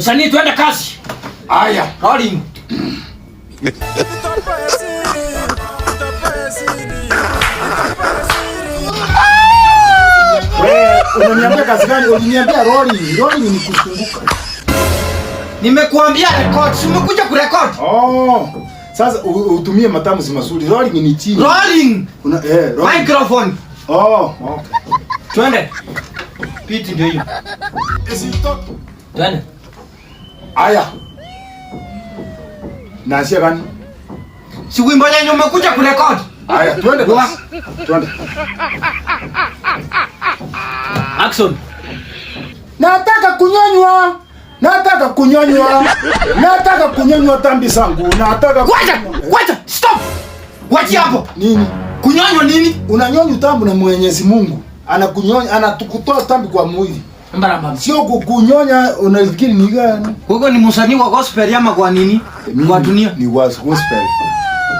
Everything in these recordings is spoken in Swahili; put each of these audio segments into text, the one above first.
Msanii, tuende kazi. Haya, mwalimu. Unaniambia kazi gani? Uliniambia ni Nimekuambia record, umekuja kurekodi. Oh. Sasa utumie matamshi mazuri. Rolling ni chini. Rolling. Una eh, rolling. Microphone. Oh, okay. Twende. Piti ndio hiyo. Twende. Aya. Naanzia gani? Si wimbo lenye umekuja kurekodi. Aya, twende kwa. Twende. Action. Nataka kunyonywa. Nataka kunyonywa. Nataka kunyonywa tambi zangu. Nataka Wacha, wacha, stop. Wacha hapo. Nini? Kunyonywa nini? Unanyonywa tambi na Mwenyezi Mungu. Anakunyonya, anatukutoa tambi kwa mwili. Mbarama. Sio kukunyonya unafikiri ni gani? Wewe ni msanii wa gospel ama kwa nini? Ni eh, wa dunia. Ni wa gospel.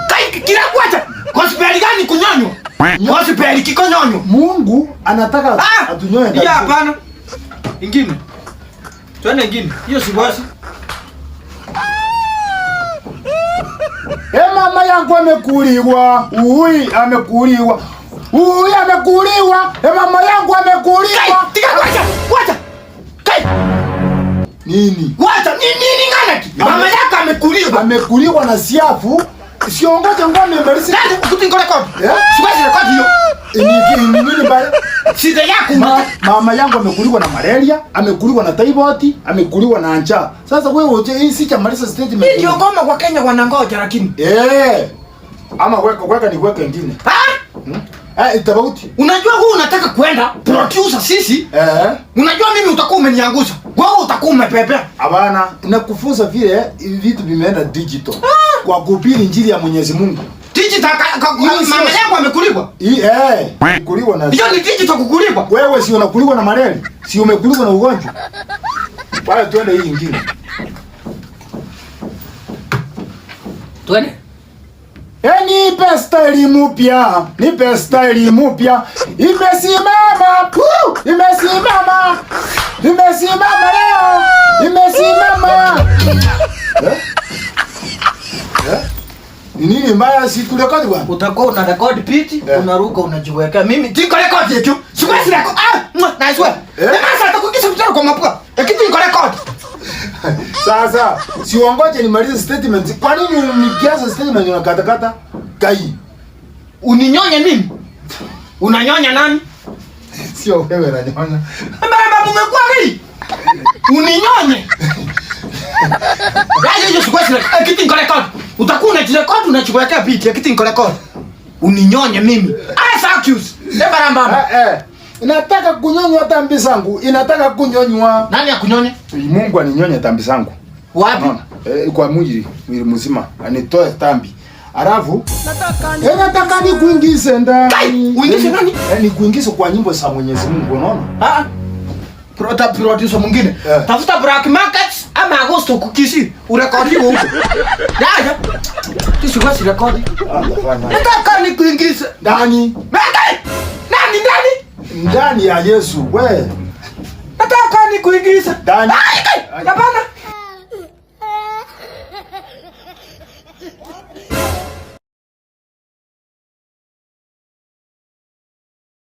Kai kila kwacha. Gospel gani kunyonyo? Gospel kikonyonyo. Mungu anataka ah, atunyonye kabisa. Ya hapana. Ingine. Tuende ingine. Hiyo si basi. Eh, mama yangu amekuliwa. Ui amekuliwa. Huyu amekuliwa, e, mama yangu amekuliwa. Wacha, wacha. Kai. Nini? Wacha, nini nini ngana ki? Mama yako amekuliwa. Amekuliwa na siafu. Siongoze ngome mbalisi. Nani kutingora kopi? Eh? Siwezi rekodi hiyo. Ni nini baya? Shida yako ma, mama yangu amekuliwa na malaria, amekuliwa na typhoid, amekuliwa na njaa. Sasa wewe uje hii si cha malisa statement. Hii ndio ngoma kwa Kenya wanangoja lakini. Eh. Ama weka weka ni weka ingine. Ah? Hmm? Eh, tofauti. Unajua huu unataka kwenda producer sisi? Eh. Unajua mimi utakuwa umeniangusha. Wewe utakuwa umepepea. Hapana, nakufunza vile vitu vimeenda digital. Ah. Kwa kuhubiri injili ya Mwenyezi Mungu. Digital mama yangu amekuliwa. Eh. Kuliwa na. Hiyo ni digital kukuliwa. Wewe si unakuliwa na malaria? Si umekuliwa na ugonjwa? Bora tuende hii ingine. Tuende. E, nipe staili mupya, nipe staili mupya. Imesimama pu, imesimama, imesimama leo, imesimama. Eh? Eh? Nini mbaya si kurekodi bwana? Utakuwa una rekodi piti, eh. Unaruka unajiweka. Mimi tiko rekodi yetu. Sikwesi rekodi. Ah, na swear. Eh? Sasa atakukisha mchoro kwa mapua. Kitu iko rekodi. Sasa si wangoje nimalize statement. Kwa nini unikiaza statement unakata kata? kata? Kai. Uninyonye mimi? Unanyonya nani? Sio wewe unanyonya. Baba umekuwa gani? Uninyonye. Yaani hiyo sikuwa sina eh, kitu ngore kwa. Utakuwa unajirekodi unachukulia picha kitu ngore kwa. Uninyonye mimi. Ah, fuck you. Ndio barabara. Eh eh. Nataka kunyonywa dhambi zangu. Inataka kunyonywa. Nani akunyonye? Mungu aninyonye dhambi zangu. Wapi? Eh, kwa mwili mwili mzima. Anitoe dhambi. Alafu nataka eh, nataka nikuingize ndani. Uingize eh, nani? Eh, nikuingize kwa nyimbo za Mwenyezi Mungu, unaona? Ah. Prota ah. prota producer mwingine. Eh. Tafuta black market ama Agosto kukisi. Urekodi huko. Dada. Tusiwasi rekodi. Ah, nataka nikuingize ndani ndani ya Yesu. We nataka nikuingiza ndani. Hapana.